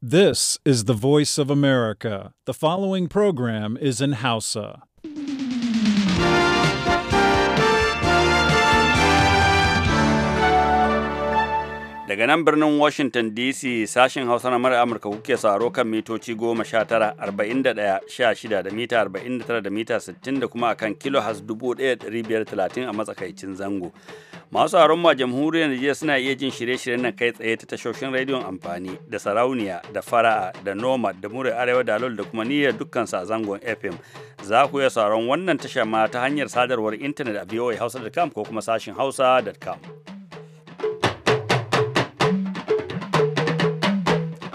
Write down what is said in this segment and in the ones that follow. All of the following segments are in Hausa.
This is the voice of America. The following program is in Hausa. Daga nan birnin Washington DC sashen Hausa na mara Amurka kuke saro kan mitoci goma sha tara arba'in da mita 49 da tara da mita 60 da kuma akan kilo has dubu a matsakaicin zango. masu aron ma jamhuriyar Nijar suna iya jin shirye-shiryen nan kai tsaye ta tashoshin rediyon amfani da sarauniya da fara'a da nomad da murai arewa da da kuma niyyar dukkan sa zangon fm za ku iya sauran wannan tasha ma ta hanyar sadarwar intanet a voahausa.com ko kuma sashin hausa.com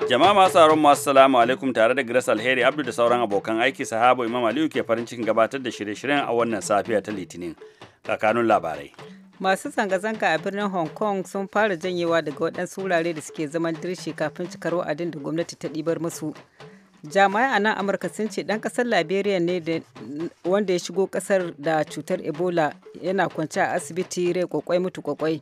jama'a masu sauran masu salamu alaikum tare da grace alheri abdu da sauran abokan aiki sahabo imam aliyu ke farin cikin gabatar da shirye-shiryen a wannan safiya ta litinin kakanun labarai masu zanga-zanga a birnin hong kong sun fara janyewa daga waɗansu wurare da suke zaman dirshi kafin cikar wa'adin da gwamnati ta ɗibar musu jami'ai a nan amurka sun ce ɗan ƙasar liberia ne wanda ya shigo ƙasar da cutar ebola yana kwance a asibiti rai kwakwai mutu kwakwai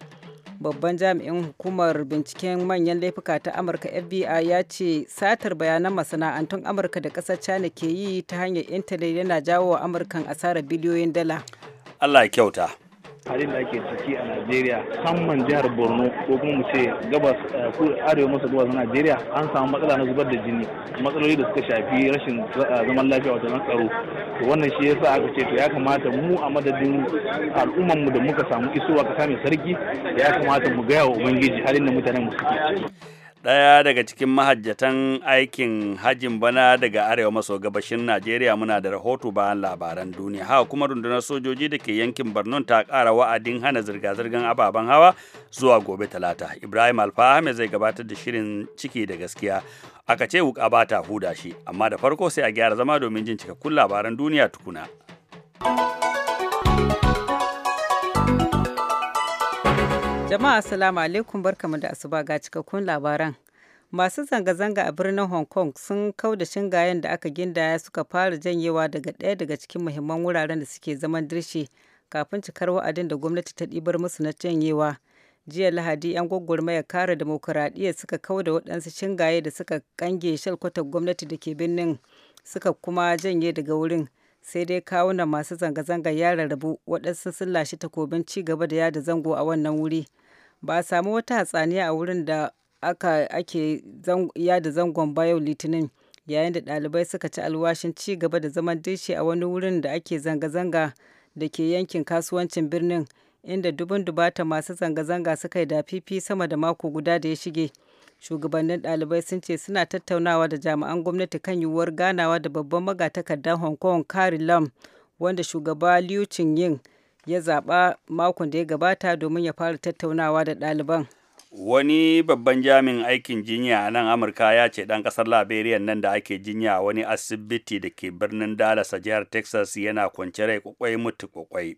babban jami'in hukumar binciken manyan laifuka ta amurka fbi ya ce satar bayanan masana'antun amurka da ƙasar china ke yi ta hanyar intanet yana jawo wa amurkan asarar biliyoyin dala allah kyauta halin da ake ciki a Najeriya musamman jihar Borno ko kuma mu ce gabas eh, arewa maso gabas na Najeriya an samu matsala na zubar da jini matsaloli da suka shafi rashin eh, zaman lafiya wato na tsaro to wannan shi yasa aka ce to ya kamata mu a madadin al'umman mu da muka samu isowa ka mai sarki ya kamata mu gaya wa ubangiji halin da mutanen mu suke ɗaya daga cikin mahajjatan aikin hajjin bana daga arewa maso gabashin najeriya muna da rahoto bayan labaran duniya haka kuma rundunar sojoji da ke yankin barnon ta ƙara wa'adin hana zirga-zirgar ababen hawa zuwa gobe talata ibrahim alfahame zai gabatar da shirin ciki da gaskiya aka ce wuka ba ta huda shi amma da farko sai a gyara zama domin jin cikakkun labaran duniya tukuna. Jama'a assalamu alaikum barkamu da asuba ga cikakkun labaran. Masu zanga-zanga a birnin Hong Kong sun kau da shingayen da aka gindaya suka fara janyewa daga ɗaya daga cikin muhimman wuraren da suke zaman dirshe kafin cikar wa'adin da gwamnati ta ɗibar musu na janyewa. Jiya Lahadi 'yan gwagwarmaya kare demokuraɗiyya suka kau da waɗansu shingaye da suka kange shalkwatar gwamnati da ke birnin suka kuma janye daga wurin. sai dai kawunan masu zanga zanga ya rarrabu waɗansu sun lashe takobin ci gaba da yada zango a wannan wuri ba a samu wata hatsaniya a wurin da ake da zangon ba yau litinin yayin da ɗalibai suka ci alwashin ci gaba da zaman dishi a wani wurin da ake zanga-zanga da ke yankin kasuwancin birnin inda dubin dubata masu zanga-zanga suka yi dafifi sama da mako guda da ya shige shugabannin ɗalibai sun ce suna tattaunawa da jami'an gwamnati kan yiwuwar ganawa da babban magatakardar hong kong carrie lam wanda shugaba liu yin ya zaɓa makon da ya gabata domin ya fara tattaunawa da ɗaliban. Wani babban jami'in aikin jinya a nan Amurka ya ce ɗan ƙasar Liberia nan da ake jinya a wani asibiti da ke birnin Dallas a jihar Texas yana kwance rai kwakwai mutu kwakwai.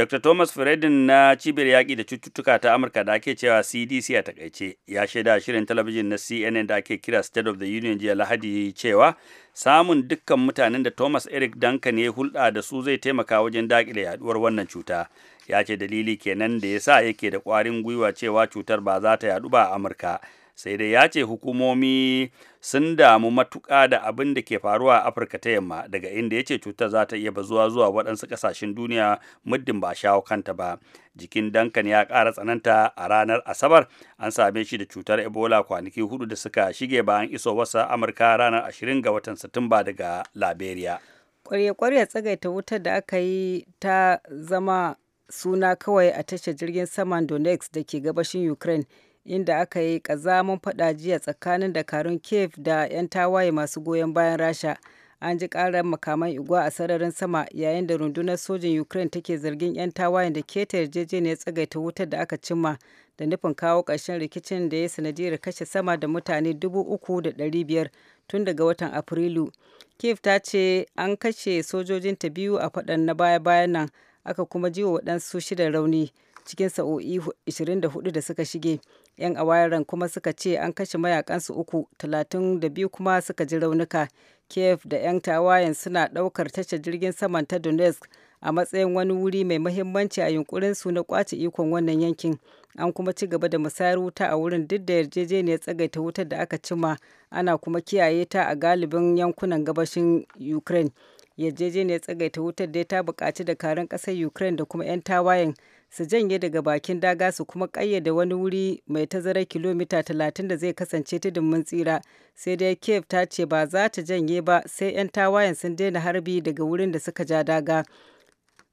Dr. Thomas Fredin na cibiyar yaƙi da cututtuka ta Amurka da ake cewa CDC a takaice ya shaida shirin talabijin na CNN da ake kira State of the Union jiya Lahadi cewa samun dukkan mutanen da Thomas Eric Duncan ya hulɗa da su zai taimaka wajen daƙile yaɗuwar wannan cuta. Ya ce dalili kenan da ya sa yake da ƙwarin gwiwa cewa cutar ba za ta yaɗu ba a Amurka. sai dai ya ce hukumomi sun damu matuƙa da abin da ke faruwa a afirka ta yamma daga inda ya ce cutar za ta iya bazuwa zuwa waɗansu ƙasashen duniya muddin ba a shawo kanta ba jikin dankan ya ƙara tsananta a ranar asabar an same shi da cutar ebola kwanaki hudu da suka shige bayan iso wasa amurka ranar ashirin ga watan satumba daga liberia kwarya-kwarya tsagaita wutar da aka yi ta zama suna kawai a tashar jirgin saman donetsk da ke gabashin ukraine inda aka yi ƙazamin faɗa jiya tsakanin dakarun kiev da 'yan tawaye masu goyon bayan rasha an ji karar makaman igwa a sararin sama yayin da rundunar sojin ukraine take zargin 'yan tawayen da keta yarjejeniyar tsagaita wutar da aka cimma da nufin kawo ƙarshen rikicin da ya sanadiyar kashe sama da mutane 3,500 tun daga watan afrilu kiev ta ce an kashe sojojinta biyu a faɗan na baya-bayan nan aka kuma ji wa waɗansu shida rauni cikin sa'o'i 24 da suka shige 'yan awayaran kuma suka ce an kashe mayakansu uku talatin da biyu kuma suka ji raunuka kiev da 'yan tawayen suna ɗaukar tashar jirgin saman ta donetsk a matsayin wani wuri mai mahimmanci a yunkurin su na kwace ikon wannan yankin an kuma ci gaba da musayar wuta a wurin duk da yarjejeniyar tsagaita wutar da aka cima ana kuma kiyaye ta a galibin yankunan gabashin ukraine yarjejeniyar tsagaita wutar dai ta buƙaci karin kasar ukraine da kuma 'yan tawayen su janye daga bakin daga su kuma ƙayyade wani wuri mai tazarar kilomita 30 da zai kasance ta dumin tsira sai dai kiev ta ce ba za ta janye ba sai 'yan tawayen sun daina harbi daga wurin da suka ja daga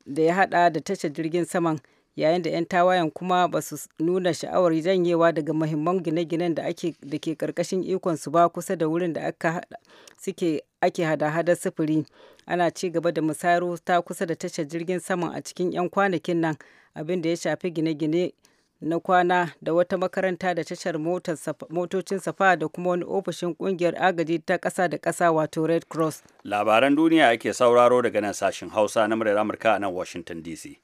da ya hada da tashar jirgin saman yayin da 'yan tawayen kuma ba su nuna sha'awar janyewa daga mahimman gine-ginen da ke karkashin ikon su ba kusa da wurin da suke ake hada hada sufuri ana ci gaba da musayar ta kusa da tashar jirgin saman a cikin 'yan kwanakin nan abin da ya shafi gine-gine na kwana da wata makaranta da tashar motocin safa da kuma wani ofishin kungiyar agaji ta kasa da kasa wato red cross labaran duniya ake sauraro daga nan sashen hausa na muryar amurka a nan washington dc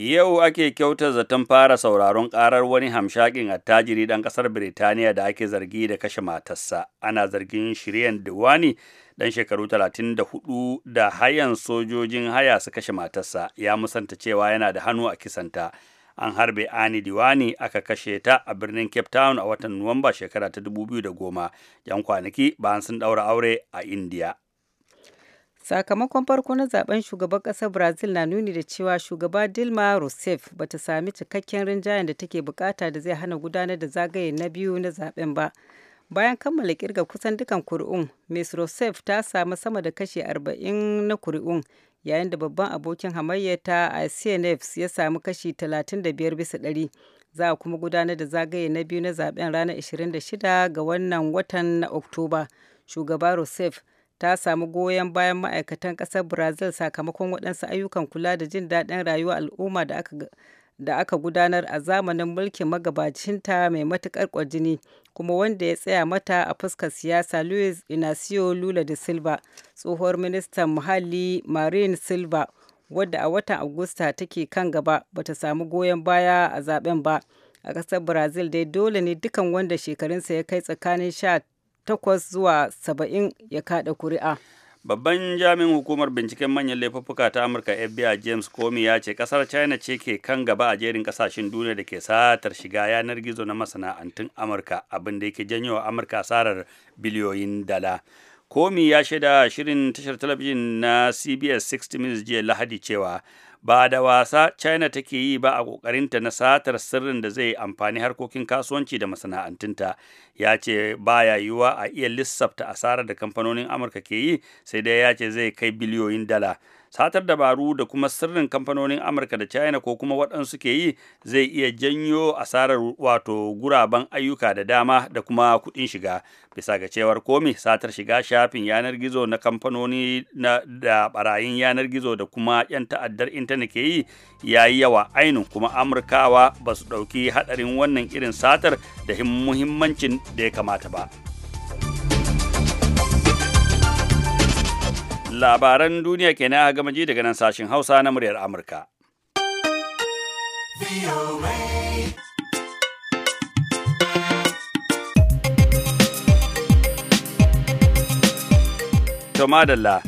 Yau ake kyauta zaton fara sauraron ƙarar wani hamshakin attajiri ɗan ƙasar Birtaniya da ake zargi da kashe matarsa. Ana zargin Shiryan Diwani ɗan shekaru 34 da hayan sojojin haya su kashe matarsa. Ya musanta cewa yana da hannu a kisanta. An harbe Ani Diwani aka kashe ta a birnin Cape Town a watan Nuwamba shekara ta 2010, 'yan kwanaki bayan sun ɗaura aure a India. Sakamakon farko na zaben shugaban ƙasar Brazil na nuni da cewa shugaba Dilma Rousseff ba ta sami cikakken rinjayen da take bukata da zai hana gudanar da zagaye na biyu na zaben ba. Bayan kammala kirga kusan dukan kuri'un, Ms. Rousseff ta samu sama da kashi 40 na kuri'un yayin da babban abokin hamayyata a CNF ya samu kashi 35 bisa ɗari. Za a kuma gudanar da zagaye na biyu na zaben ranar 26 ga wannan watan na Oktoba. Shugaba Rousseff ta samu goyon bayan ma'aikatan ƙasar Brazil sakamakon waɗansu ayyukan kula da jin daɗin rayuwa al'umma da aka da aka gudanar a zamanin mulkin magabacinta mai matuƙar kwajini kuma wanda ya tsaya mata a fuskar siyasa Luis Inacio Lula da Silva tsohuwar ministan muhalli Marine Silva wadda a watan Agusta take kan gaba bata samu goyon baya a zaben ba. a ƙasar brazil dai dole ne dukan wanda shekarunsa ya kai tsakanin takwas zuwa saba'in ya kada kuri'a. Babban jami'in hukumar binciken manyan laifuffuka ta Amurka FBI James Comey ya ce kasar China ce ke kan gaba a jerin kasashen duniya da ke satar shiga yanar gizo na masana'antun Amurka abin da yake janyo Amurka asarar biliyoyin dala. komi ya shaida shirin tashar talabijin na CBS 60 Minutes jiya Lahadi cewa ba da wasa china take yi ba a ƙoƙarinta na satar sirrin da zai amfani harkokin kasuwanci da masana'antunta ya ce ba ya yiwuwa a iya lissafta asarar da kamfanonin amurka ke yi sai dai ya ce zai kai biliyoyin dala satar dabaru da kuma sirrin kamfanonin amurka da china ko kuma waɗansu ke yi zai iya janyo asarar wato guraben ayyuka da dama da kuma kuɗin shiga bisa ga cewar komi satar shiga shafin yanar gizo na kamfanoni da barayin yanar gizo da kuma 'yan ta'addar intanet ke yi ya yi yawa ainun kuma amurkawa ba su ɗauki haɗarin wannan irin satar da muhimmancin da ya kamata ba. labaran duniya kenan a gama ji daga nan sashen hausa na muryar amurka to madalla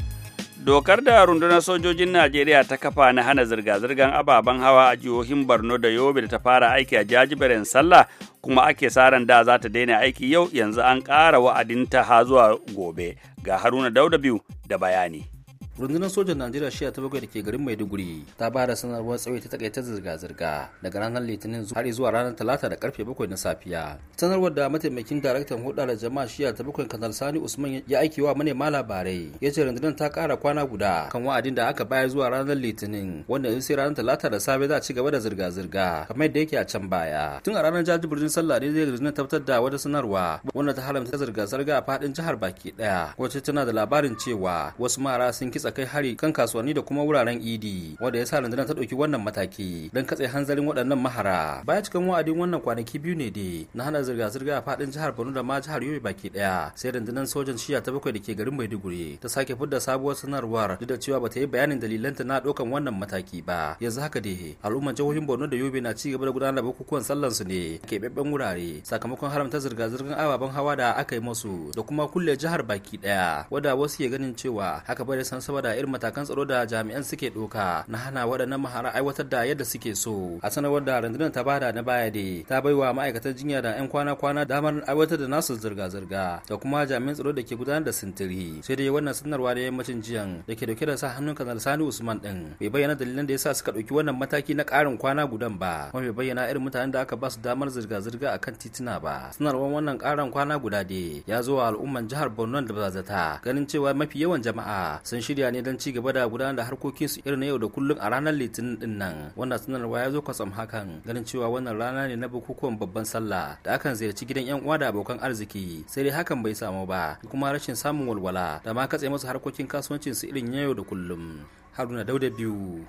dokar da rundunar sojojin najeriya ta kafa na hana zirga-zirgar ababen hawa a jihohin borno da yobe da ta fara aiki a jajiberin sallah kuma ake saran da za ta daina aiki yau yanzu an ƙara wa'adinta ha zuwa gobe ga haruna dauda biyu da bayani rundunar sojan najeriya shiya ta bakwai da ke garin maiduguri ta ba da sanarwar tsawai ta takaita zirga-zirga daga ranar litinin har zuwa ranar talata da karfe bakwai na safiya sanarwar da mataimakin daraktan hudu jama'a shiya ta bakwai kanal sani usman ya aiki wa manema labarai ya ce rundunar ta kara kwana guda kan wa'adin da aka bayar zuwa ranar litinin wanda in sai ranar talata da safe za a ci gaba da zirga-zirga kamar yadda yake a can baya tun a ranar Jaji Birnin sallah ne zai rundunar tabbatar da wata sanarwa wanda ta haramta zirga-zirga a faɗin jihar baki ɗaya wacce tana da labarin cewa wasu mara sun kisa kitsa kai hari kan kasuwanni da kuma wuraren idi wanda ya sa rundunar ta ɗauki wannan mataki don katse hanzarin waɗannan mahara baya cikin wa'adin wannan kwanaki biyu ne dai na hana zirga-zirga a faɗin jihar borno da ma jihar yobe baki ɗaya sai rundunar sojan shiya ta bakwai da ke garin maiduguri ta sake fidda sabuwar sanarwar duk da cewa bata yi bayanin ta na ɗaukan wannan mataki ba yanzu haka dai al'ummar jihohin borno da yobe na ci gaba da gudanar da bukukuwan su ne keɓaɓɓen wurare sakamakon haramta zirga-zirgar ababen hawa da aka yi musu da kuma kulle jihar baki ɗaya wadda wasu ke ganin cewa haka bai san saboda irin matakan tsaro da jami'an suke doka na hana waɗannan mahara aiwatar da yadda suke so a sanarwar da rundunar ta bada na baya da ta bai wa ma'aikatan jinya da 'yan kwana-kwana damar aiwatar da nasu zirga-zirga da kuma jami'an tsaro da ke gudanar da sintiri sai dai wannan sanarwa ne yammacin jiyan da ke dauke da sa hannun kanar sani usman din bai bayyana dalilan da yasa suka ɗauki wannan mataki na ƙarin kwana gudan ba kuma bai bayyana irin mutanen da aka ba su damar zirga-zirga a kan tituna ba sanarwar wannan ƙarin kwana guda da ya zo wa al'umman jihar borno da bazata ganin cewa mafi yawan jama'a sun shirya Najeriya ne don ci gaba da gudanar da harkokin su irin na yau da kullum a ranar Litinin din nan. Wannan sanarwa ya zo kwatsam hakan ganin cewa wannan rana ne na bukukuwan babban sallah da akan ziyarci gidan yan uwa da abokan arziki sai dai hakan bai samu ba kuma rashin samun walwala da ma katse musu harkokin kasuwancin su irin yau da kullum. Haruna Dauda biyu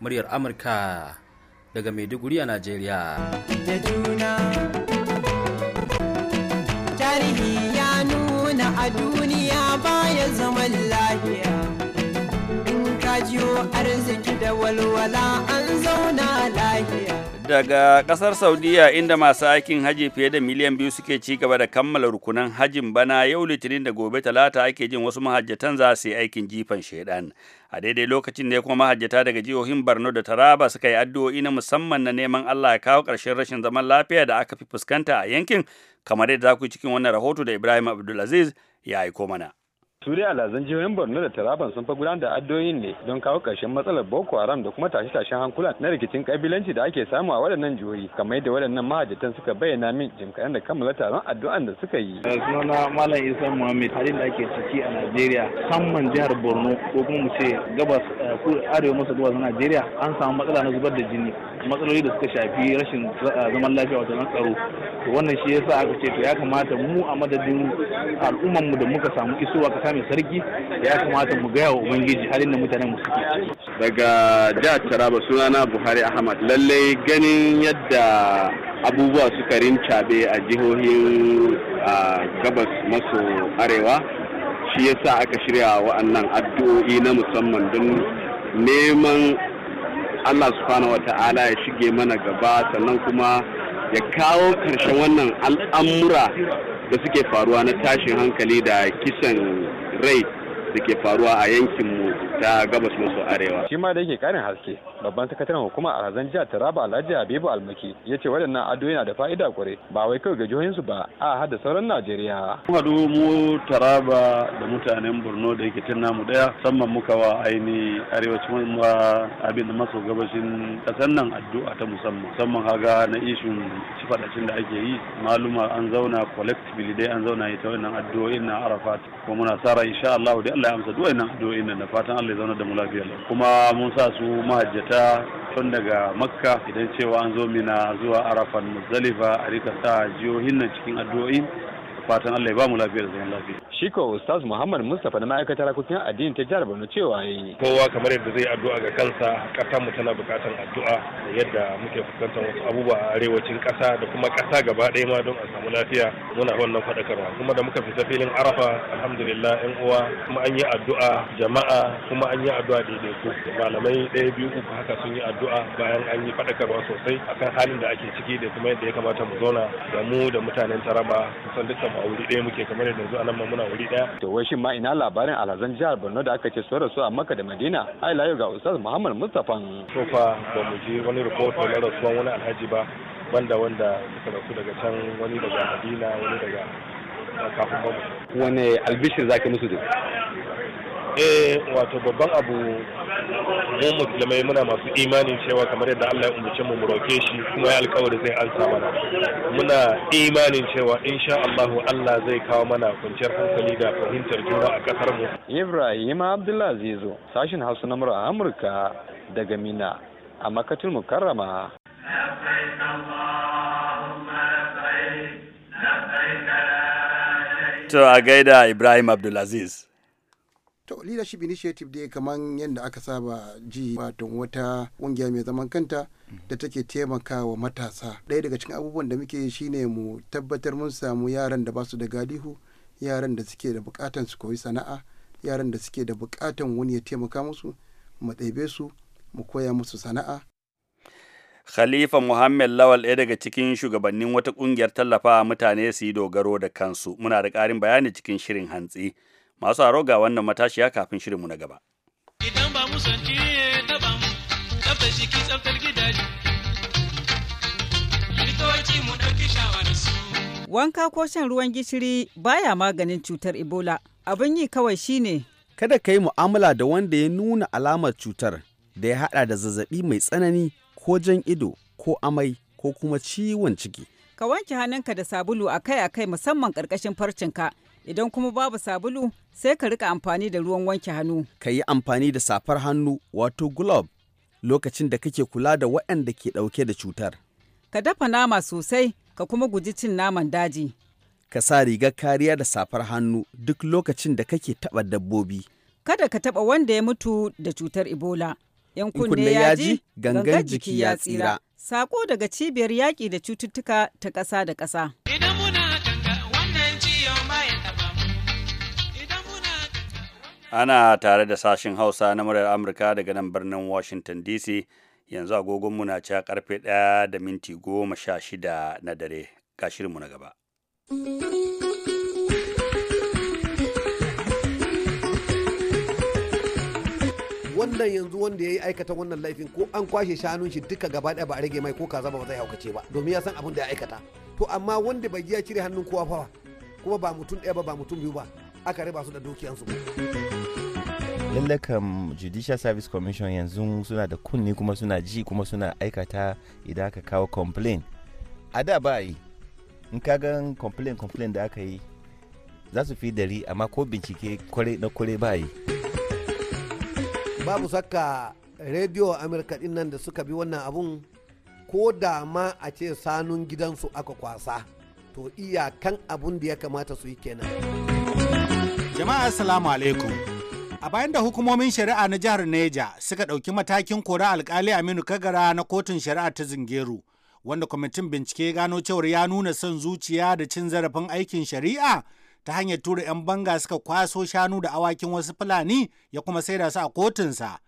muryar Amurka daga Maiduguri a Najeriya. tarihi ya nuna a duniya baya zaman radio arziki da walwala an zauna lafiya. Daga ƙasar Saudiya inda masu aikin haji fiye da miliyan biyu suke ci gaba da kammala rukunan hajin bana yau litinin da gobe talata ake jin wasu mahajjatan za su yi aikin jifan shaidan. A daidai lokacin da ya kuma mahajjata daga jihohin Borno da Taraba suka yi addu'o'i na musamman na neman Allah ya kawo ƙarshen rashin zaman lafiya da aka fi fuskanta a yankin kamar yadda za ku cikin wannan rahoto da Ibrahim Abdulaziz ya aiko mana. su alhazan alazan jihohin borno da taraban sun fa gudanar da addoyin ne don kawo ƙarshen matsalar boko haram da kuma tashe-tashen hankula na rikicin kabilanci da ake samu a waɗannan jihohi kamar yadda waɗannan mahajjatan suka bayyana min jim kaɗan da kammala taron addu'an da suka yi. Eh, sunana malam isa muhammed halin da ake ciki a najeriya musamman jihar borno ko kuma mu ce gabas eh, arewa masa gabas na najeriya an samu matsala na zubar da jini matsaloli da suka shafi rashin eh, zaman lafiya wato na tsaro to wannan shi yasa aka ce to ya kamata mu a madadin al'ummar mu da muka samu isowa ka mai sarki ya kamata mu gaya wa ubangiji halin da mutanen mu suke daga jihar taraba sunana buhari ahmad lallai ganin yadda abubuwa suka rincabe a jihohin gabas maso arewa shi yasa aka shirya wa'annan addu'o'i na musamman don neman allah subhanahu wa ta'ala ya shige mana gaba sannan kuma ya kawo karshen wannan al'amura da suke faruwa na tashin hankali da kisan rai da ke faruwa a yankinmu ta gabas maso arewa. Shi ma da yake karin haske babban sakataren hukuma a razan jihar Taraba Alhaji Habibu Almaki ya ce waɗannan ado yana da fa'ida kwarai ba wai kawai ga jihohinsu ba a hada sauran Najeriya. Mun d'u mu Taraba da mutanen Borno da yake tun namu ɗaya musamman muka wa aini arewacin wa abin da maso gabashin ƙasar nan addu'a ta musamman musamman haga na ishin cifadacin da ake yi maluma an zauna collectively dai an zauna ita wannan addu'o'in na Arafat kuma muna sa ran insha Allah dai Allah ya amsa duwayen addu'o'in nan da fatan Allah da ya da mu lafiya kuma mun sa su mahajjata tun daga makka idan cewa an zo mina zuwa arafan muzdalifa a rika sa jihohin nan cikin addu'o'i fatan Allah ya ba mu lafiya da zaman lafiya. shiko ko Ustaz Muhammad Mustapha na ma'aikatar harkokin addini ta jihar Borno cewa yi. Kowa kamar yadda zai addu'a ga kansa, kasa mu tana buƙatar addu'a da yadda muke fuskantar wasu abubuwa a arewacin ƙasa da kuma kasa gaba ɗaya ma don a lafiya muna wannan faɗakarwa kuma da muka fita filin arafa alhamdulillah yan uwa kuma an yi addu'a jama'a kuma an yi addu'a daidai ku malamai ɗaya biyu uku haka sun yi addu'a bayan an yi faɗakarwa sosai akan halin da ake ciki da kuma yadda ya kamata mu zauna da mu da mutanen taraba kusan dukkan mu a wuri ɗaya muke kamar yadda yanzu anan ma muna wuri ɗaya. to wai shin ma ina labarin alhazan jihar borno da aka ce su a makka da madina ai layo ga ustaz muhammad mustapha. so fa ba mu je wani rahoto na rasuwan wani alhaji ba banda wanda suka dauku daga can wani daga madina wani daga kafin mamu wane albishir zaki musu da eh wato babban abu mu musulmai muna masu imanin cewa kamar yadda Allah ya umarce mu mu roke shi kuma ya alkawari zai ansa mana muna imanin cewa insha Allah Allah zai kawo mana kwanciyar hankali da fahimtar juna a kasar mu Ibrahim Abdullah Zizo sashin Hausa na Amurka daga Mina a Makatul Mukarrama to a gaida Ibrahim Abdulaziz. To leadership initiative dai kamar yadda aka saba ji wato wata ƙungiya mai zaman kanta da take taimaka wa matasa. Ɗaya daga cikin abubuwan da muke shine mu tabbatar mun samu yaran da basu da galihu, yaran da suke da buƙatan su koyi sana'a, yaran da suke da buƙatan wani ya taimaka musu, mu ɗebe su, mu koya musu sana'a, Khalifa Muhammad Lawal ɗaya daga cikin shugabannin wata ƙungiyar tallafa mutane su yi dogaro da kansu. Muna da ƙarin bayani cikin shirin hantsi. Masu haro ga wannan matashiya kafin shirinmu na gaba. Idan ba mu santi da ba mu, tsaftar gidaje. Likitoci mu ɗauki su. Wanka ko shan ruwan gishiri baya maganin cutar Ebola. Abin yi kawai shine. Kada ka yi mu'amala da wanda ya nuna alamar cutar da ya haɗa da zazzaɓi mai tsanani ko jan ido ko amai ko kuma ciwon ciki. Ka wanke hannunka da sabulu akai-akai musamman ƙarƙashin farcinka. Idan kuma babu sabulu sai ka rika amfani da ruwan wanke hannu. Ka yi amfani da safar hannu wato glove lokacin da kake kula da waɗanda ke ɗauke da cutar. Ka dafa nama sosai ka kuma guji cin naman daji. Ka sa rigar kariya da safar hannu duk lokacin da kake taɓa dabbobi. Kada ka taɓa wanda ya mutu da cutar Ebola. 'yan kunne ya ji gangan jiki ya tsira. Sako daga cibiyar yaƙi da cututtuka ta ƙasa da ƙasa. Ana tare da sashen Hausa na muryar Amurka daga nan birnin Washington DC yanzu agogonmu na ca karfe ɗaya da minti goma sha shida na dare ga shirinmu na gaba. wannan yanzu wanda ya yi aikata wannan laifin ko an kwashe shanun shi duka gaba ɗaya ba a rage mai ko kaza ba zai haukace ba domin ya san abin da ya aikata to amma wanda bai ya cire hannun kowa fa kuma ba mutum ɗaya ba ba mutum biyu ba aka riba su da dukiyansu lallai kam judicial service commission yanzu suna da kunni kuma suna ji kuma suna aikata idan aka kawo complain a da ba yi in ka ga complain complain da aka yi za su fi dari amma ko bincike na kware ba yi babu saka rediyo amurka din nan da suka bi wannan abun ko da ma a ce sanun gidansu aka kwasa to kan abun da ya kamata su yi kenan jama'a assalamu alaikum a bayan da hukumomin shari'a na jihar neja suka ɗauki matakin kora alkali aminu kagara na kotun shari'a ta zingeru wanda kwamitin bincike gano cewar ya nuna son zuciya da cin zarafin aikin shari'a ta hanyar tura 'yan banga suka kwaso shanu da awakin wasu fulani ya kuma saida su a kotunsa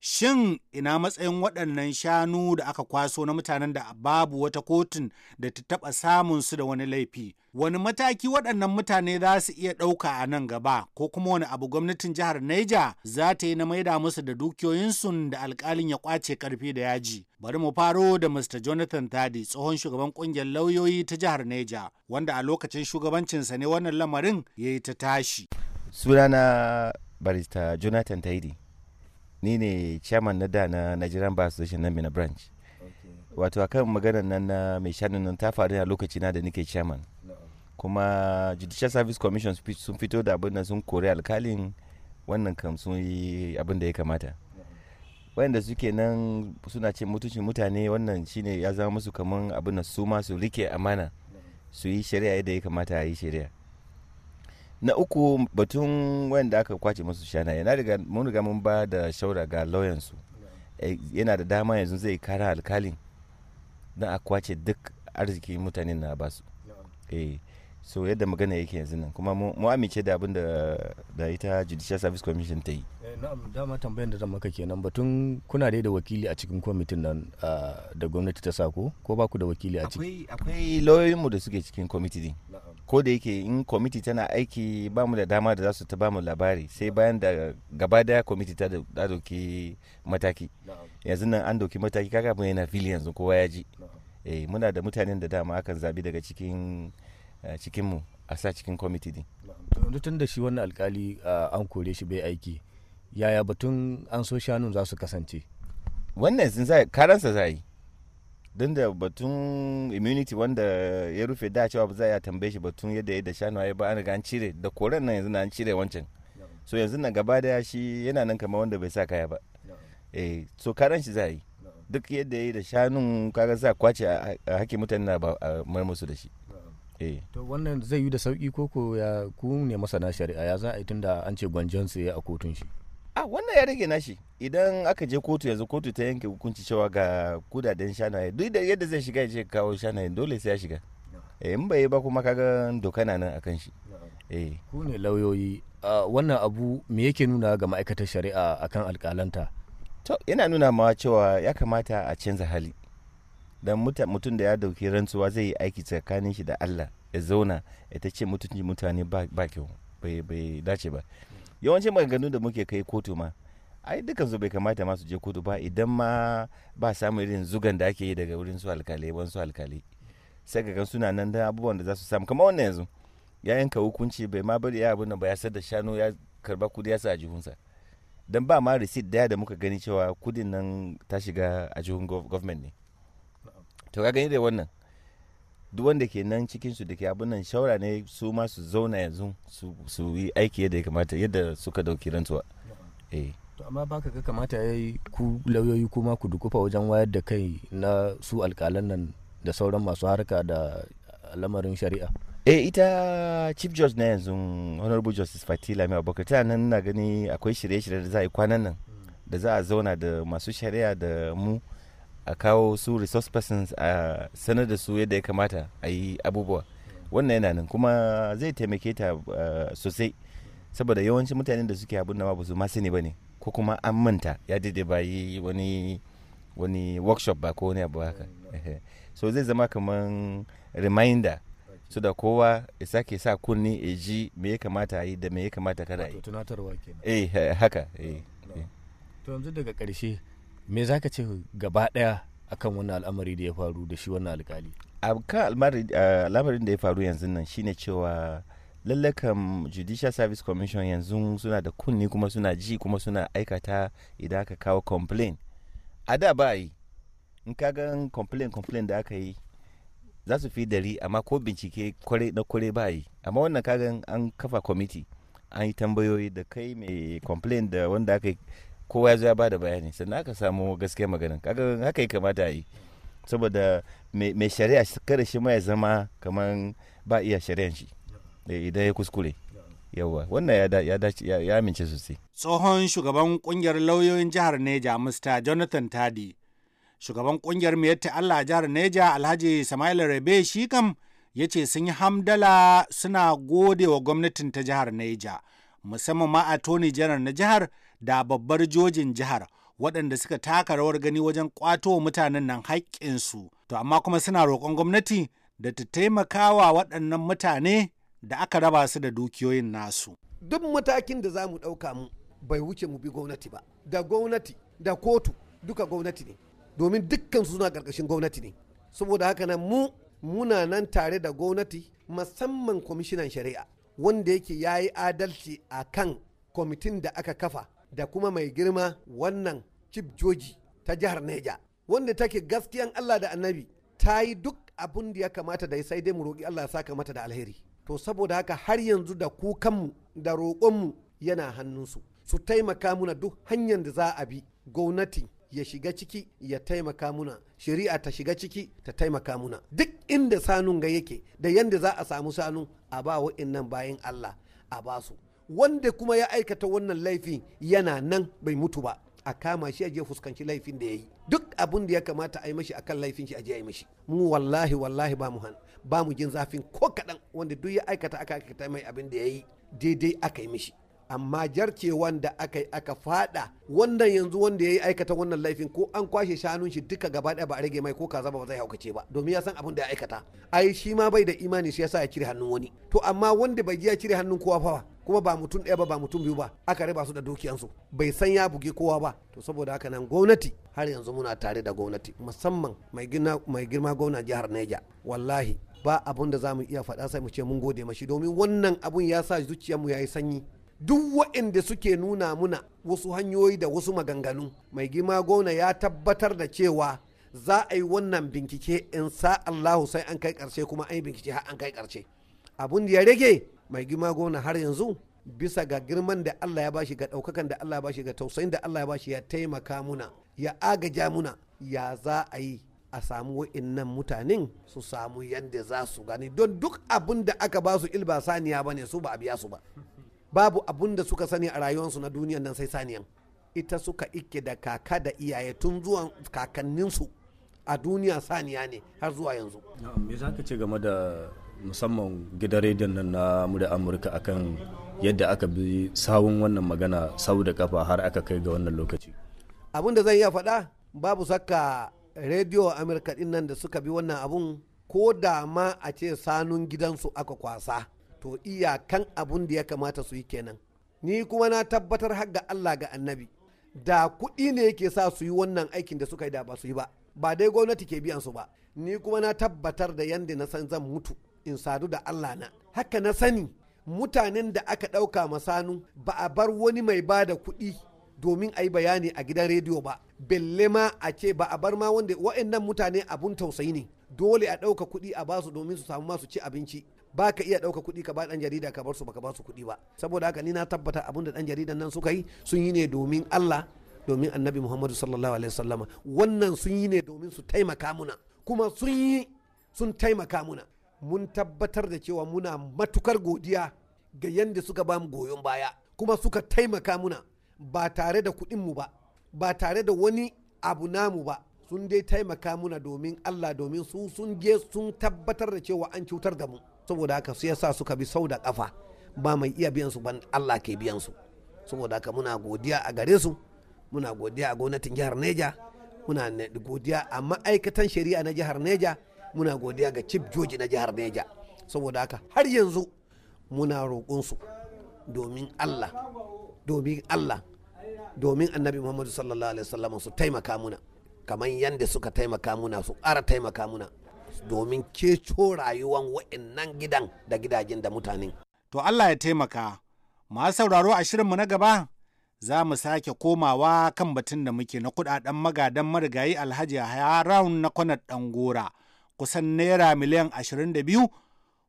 Shin ina matsayin waɗannan shanu da aka kwaso na mutanen da babu wata kotun da ta taɓa samun su da wani laifi? Wani mataki waɗannan mutane za su iya ɗauka a nan gaba ko kuma wani abu gwamnatin jihar Neja za ta yi na maida musu da dukiyoyinsu da alƙalin ya kwace ƙarfi da yaji. Bari mu faro da Mr. Jonathan Tadi tsohon shugaban ƙungiyar lauyoyi ta jihar Neja wanda a lokacin shugabancinsa ne wannan lamarin ya yi ta tashi. Sunana barista Jonathan Taidi. ni ne chairman na da na Nigerian Bar Association na Mina Branch. Wato akan maganar nan na mai shanun nan ta faru a lokaci na da nike chairman. Kuma Judicial Service Commission sun fito da abin da sun kori alkalin wannan kam sun yi abin da ya kamata. da suke nan suna ce mutuncin mutane wannan shine ya zama musu kaman abin da su ma su rike amana su yi shari'a yadda ya kamata a yi shari'a na uku batun wanda aka kwace musu shana na riga mun riga mun ba da shaura ga lauyansu eh, yana da dama yanzu zai kara alkalin don a kwace duk arziki mutanen na basu eh so yadda magana yake yanzu nan kuma mu amince da abin da ita judicial service commission ta yi eh, na'am dama tambayar da zan maka kenan batun kuna dai da wakili a cikin kwamitin nan da gwamnati ta sako ko ba ku da wakili a ciki akwai lauyoyinmu da suke cikin kwamiti din ko da yake in kwamiti tana aiki ba mu da dama da za su ta ba mu labari sai bayan da gaba daya kwamiti ta da doki mataki yanzu nan an doki mataki kaga mu yana fili yanzu kowa ya ji eh muna da mutanen da dama akan zabi daga cikin eh, cikin mu a sa cikin kwamiti din yanzu tun da shi wannan alkali ah, an kore shi bai aiki yaya batun an so shanun za su kasance wannan sun karansa za yi don da batun immunity wanda ya rufe da cewa ba za a tambaye shi batun yadda ya da shanuwa ba an riga an cire da koren nan yanzu na an cire wancan so yanzu na gaba shi yana nan kamar wanda bai sa kaya ba eh so karan shi za yi duk yadda ya yi da shanun kaga za kwace a hake mutane na ba a marmasu da shi eh. to wannan zai yi da sauki ko ko ya ku ne masana shari'a ya za a yi tunda an ce gwanjon sai a kotun shi a ah, wannan ya rage nashi idan aka je kotu yanzu kotu ta yanke hukunci cewa ga kudaden shanaye duk da yadda zai shiga ya je kawo shanaye dole sai ya shiga eh, in bai ba kuma kaga doka nan akan shi eh. ku ne lauyoyi ah, wannan abu me yake nuna ga ma'aikatar shari'a akan alƙalanta to yana nuna ma cewa ya kamata a canza hali dan mutum da ya dauki rantsuwa zai yi aiki tsakanin shi da Allah ya zauna ya ta ce mutunci mutane ba kyau bai dace ba yawancin maganganun da muke kai kotu ma ai dukan su bai kamata ma su je kotu ba idan ma ba samun irin zugan da ake yi daga wurin su alkalai wani su alkalai sai ga suna nan da abubuwan da za su samu kamar wannan yanzu ya yanka hukunci bai ma bari ya abin ba ya sadda shanu ya karba kudi ya sa a jihunsa don ba ma risit daya da muka gani cewa kudin nan ta shiga a jihun government ne to ka gani da wannan duk wanda ke nan cikin su da ke abun nan shawara ne su ma su zauna yanzu su yi aiki yadda ya kamata yadda suka dauki rantsuwa eh to amma baka ga kamata yayi ku lauyoyi kuma ku dukufa wajen wayar da kai na su alkalan nan da sauran masu harka da lamarin shari'a eh ita chief judge na yanzu honorable justice fatila mai abokan ta nan na gani akwai shirye-shirye da za a yi kwanan nan hmm. da za a zauna da masu shari'a da mu a kawo su resource persons a sanar da su yadda ya kamata a yi abubuwa wannan yana nan kuma zai taimake ta eh, sosai saboda yawancin mutanen da suke abin da ba su ma ne ba ne ko kuma an manta ya daidai ba yi wani wani workshop ba ko wani abu haka so zai zama kamar reminder su da kowa ya sake sa kunni ya ji me ya kamata yi da me ya kamata kada yi tunatarwa kenan eh haka eh, eh. to yanzu daga karshe me za ka ce gaba ɗaya akan wannan al'amari da ya faru da shi wannan alkali kan al'amarin da ya faru yanzu nan shine cewa lallakan judicial service commission yanzu suna da kunni kuma suna ji kuma suna aikata idan aka kawo complain a da ba yi in ka ga complain complain da aka yi za su fi dari amma ko bincike kware na kware ba yi amma wannan kagan an kafa committee an yi tambayoyi da kai mai complain da wanda aka kowa ya ba da bayani sannan aka samu gaskiya maganin kaga haka ya kamata a yi saboda mai shari'a kada shi ma ya zama kamar ba iya shari'an shi eh, idan ya kuskure yawa wannan ya amince sosai tsohon shugaban kungiyar lauyoyin jihar neja mr jonathan tadi shugaban kungiyar miyatta allah jihar neja alhaji sama'il rabe shi kam ya ce sun yi hamdala suna gode wa gwamnatin ta jihar neja musamman ma a tony janar na jihar da babbar jojin jihar waɗanda suka taka rawar gani wajen ƙwato mutanen nan haƙƙinsu to amma kuma suna roƙon gwamnati da ta taimaka wa waɗannan mutane da aka raba su da dukiyoyin nasu duk matakin da za mu ɗauka mu bai wuce mu bi gwamnati ba da gwamnati da kotu duka gwamnati ne domin dukkan su suna ƙarƙashin gwamnati ne saboda haka nan mu muna nan tare da gwamnati musamman kwamishinan shari'a wanda yake yayi adalci a kan kwamitin da aka kafa da kuma mai girma wannan chief joji ta jihar neja wanda take gaskiyan allah da annabi ta yi duk abin da ya kamata da sai dai mu roƙi allah ya saka mata da alheri to saboda haka har yanzu da kukanmu da roƙonmu yana hannunsu su taimaka muna duk hanyar da za a bi gwamnati ya shiga ciki ya taimaka muna shari'a ta shiga ciki ta taimaka muna duk inda sanun ga yake da yanda za a samu sanu a ba wa'innan bayan allah a basu wanda kuma ya aikata wannan laifin yana nan bai mutu ba a kama shi a je fuskanci laifin da ya yi duk abin da ya kamata a yi mashi akan laifin shi a je a yi mashi mu wallahi wallahi ba mu ba mu jin zafin ko kaɗan wanda duk ya aikata aka aikata mai abin da ya yi daidai aka yi mishi amma jarce wanda aka yi aka fada wannan yanzu wanda ya yi aikata wannan laifin ko an kwashe shanun shi duka gaba ɗaya ba a rage mai ko kaza ba zai haukace ba domin ya san abin da ya aikata ai shi ma bai da imani shi yasa ya cire hannun wani to amma wanda bai ya cire hannun kowa fa kuma ba mutum ɗaya ba ba mutum biyu ba aka riba su da dukiyansu bai san ya buge kowa ba to saboda haka nan gwamnati har yanzu muna tare da gwamnati musamman mai girma gwamna jihar Neja wallahi ba abun da za iya faɗa sai mu ce mun gode mashi domin wannan abun ya sa zuciyarmu ya yi sanyi duk waɗanda suke nuna muna wasu hanyoyi da wasu maganganu mai gima gona ya tabbatar da cewa za a yi wannan bincike in sa Allahu sai an kai ƙarshe kuma an yi bincike har an kai ƙarshe abun da ya rage mai gima gona har yanzu bisa ga girman da Allah ya bashi ga ɗaukakan da Allah ya bashi ga tausayin da Allah ya bashi ya taimaka muna ya agaja muna ya za a yi a samu wa'innan mutanen su samu yadda za su gani don duk abin da aka ba su ilba saniya ba ne su ba a biya su ba babu abun da suka sani a rayuwarsu na duniyan nan sai saniyan ita suka ike da kaka da iyaye tun zuwa kakanninsu a duniya saniya ne har zuwa yanzu me za ka ce game da musamman gidan rediyon nan na mu da amurka akan yadda aka bi sawun wannan magana sau da kafa har aka kai ga wannan lokaci abun da zan iya faɗa babu saka rediyo amurka din nan da suka bi wannan abun ko da ma a ce sanun gidansu aka kwasa to iyakan abun da ya kamata su yi kenan ni kuma na tabbatar har ga Allah ga annabi da kuɗi ne yake sa su yi wannan aikin da suka yi da ba su yi ba ba dai gwamnati ke biyan su ba ni kuma na tabbatar da yadda na san zan mutu in sadu da Allah na haka na sani mutanen da aka ɗauka masanu ba a bar wani mai ba da kuɗi domin a yi bayani a gidan rediyo ba belle ma a ce ba a bar ma wanda wa'annan mutane abun tausayi ne dole a ɗauka kuɗi a basu domin su samu masu ci abinci ba ka iya ɗauka kuɗi ka ba ɗan jarida ka bar su baka ba su kuɗi ba saboda haka ni na tabbata abin da ɗan jaridan nan suka yi sun yi ne domin Allah domin annabi Muhammadu sallallahu alaihi wasallama wannan sun yi ne domin su taimaka muna kuma sun yi sun taimaka muna mun tabbatar da cewa muna matukar godiya ga yadda suka ba mu goyon baya kuma suka taimaka muna ba tare da kuɗin mu ba ba tare da wani abu namu ba sun dai taimaka muna domin Allah domin su sun je sun tabbatar da cewa an cutar da mu saboda haka su yasa suka bi sau da kafa ba mai iya biyan su ban Allah ke biyan su saboda haka muna godiya a gare su muna godiya a gwamnatin jihar Neja muna godiya a ma'aikatan shari'a na jihar Neja muna godiya ga chief joji na jihar Neja saboda haka har yanzu muna roƙon su domin Allah domin Allah domin annabi Muhammadu sallallahu alaihi wasallam su taimaka muna kamar yadda suka taimaka muna su ƙara taimaka muna domin keco rayuwan wa'annan gidan da gidajen da mutanen. To Allah ya taimaka, masu sauraro a shirinmu na gaba za mu sake komawa kan batun da muke na kudaden magadan marigayi alhaji Harun na kwanar gora kusan naira miliyan 22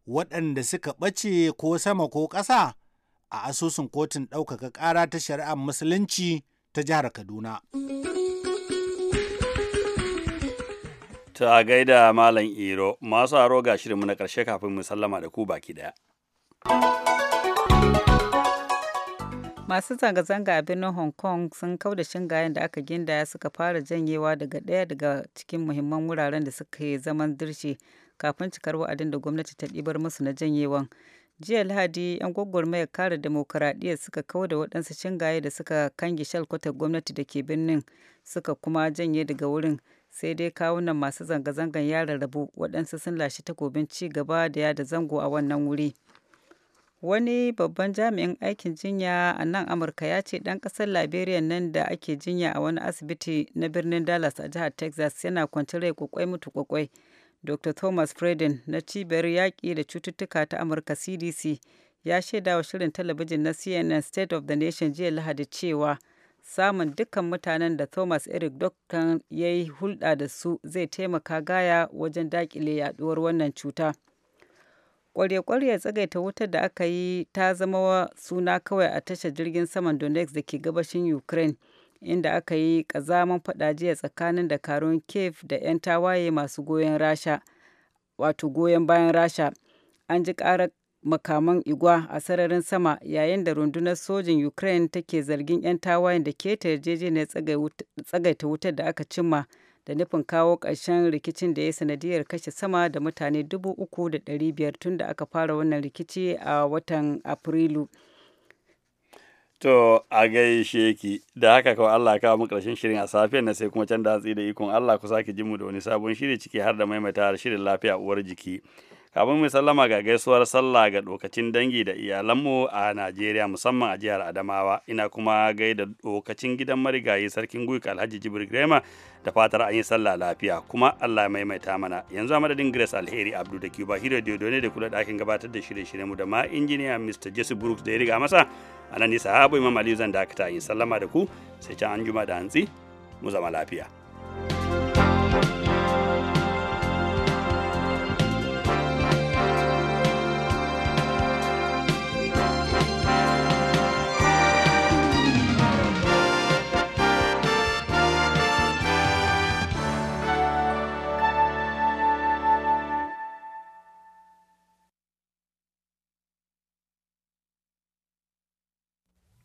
waɗanda suka ɓace ko sama ko ƙasa a asusun kotun ɗaukaka ƙara ta shari'ar musulunci ta jihar Kaduna. ta gaida malam iro masu aro ga shirinmu na karshe kafin mu sallama da ku baki daya masu zanga-zanga a birnin hong kong sun kauda shingayen da aka gindaya suka fara janyewa daga ɗaya daga cikin muhimman wuraren da suka yi zaman dirshi kafin cikar wa'adin da gwamnati ta ɗibar musu na janyewan jiya lahadi yan gwagwarmayar kare demokuraɗiyya suka kauda waɗansu shingaye da suka kange shalkwatar gwamnati da ke birnin suka kuma janye daga wurin sai dai kawunan masu zanga-zangar ya rarrabu waɗansu sun lashe takobin ci gaba da yada zango a wannan wuri wani babban jami'in aikin jinya a nan amurka ya ce ɗan ƙasar liberia nan da ake jinya a wani asibiti na birnin dallas a jihar texas yana kwanci rai kwakwai mutu kwakwai dr thomas freden na cibiyar yaƙi da cututtuka ta amurka cdc ya shaidawa shirin talabijin na cnn state of the nation jiya lahadi cewa samun dukkan mutanen da thomas eric doctor ya yi hulɗa da su zai taimaka gaya wajen daƙile yaduwar wannan cuta ƙwarya kwarya tsagaita wutar da aka yi ta zama suna kawai a tashar jirgin saman donetsk da ke gabashin ukraine inda aka yi kazaman jiya tsakanin dakarun kiev da 'yan tawaye masu goyon rasha wato goyon bayan rasha an ji karar makaman igwa a sararin sama yayin da rundunar sojin ukraine take zargin 'yan tawayen da keta yarjejeniyar tsagaita wutar da aka cimma da nufin kawo ƙarshen rikicin da ya sanadiyar kashe sama da mutane 3,500 tun da aka fara wannan rikici a watan afrilu To a gaishe ki da haka kawai Allah kawo mu karshen shirin a safiyar na sai kuma can da hatsi da ikon Allah ku sake jimu da wani sabon shiri ciki har da maimaita shirin lafiya uwar jiki. kafin mu sallama ga gaisuwar sallah ga dokacin dangi da iyalanmu a Najeriya musamman a jihar Adamawa ina kuma gaida dokacin gidan marigayi sarkin guik Alhaji Jibril Grema da fatar an yi sallah lafiya kuma Allah ya maimaita mana yanzu a madadin Grace Alheri Abdu da Cuba Hiro ne da kula ɗakin gabatar da shirye-shiryen mu da ma injiniya Mr. Jesse Brooks da ya riga masa a nan ni sahabu Imam Aliyu zan dakata yi sallama da ku sai can anjuma da hantsi mu zama lafiya.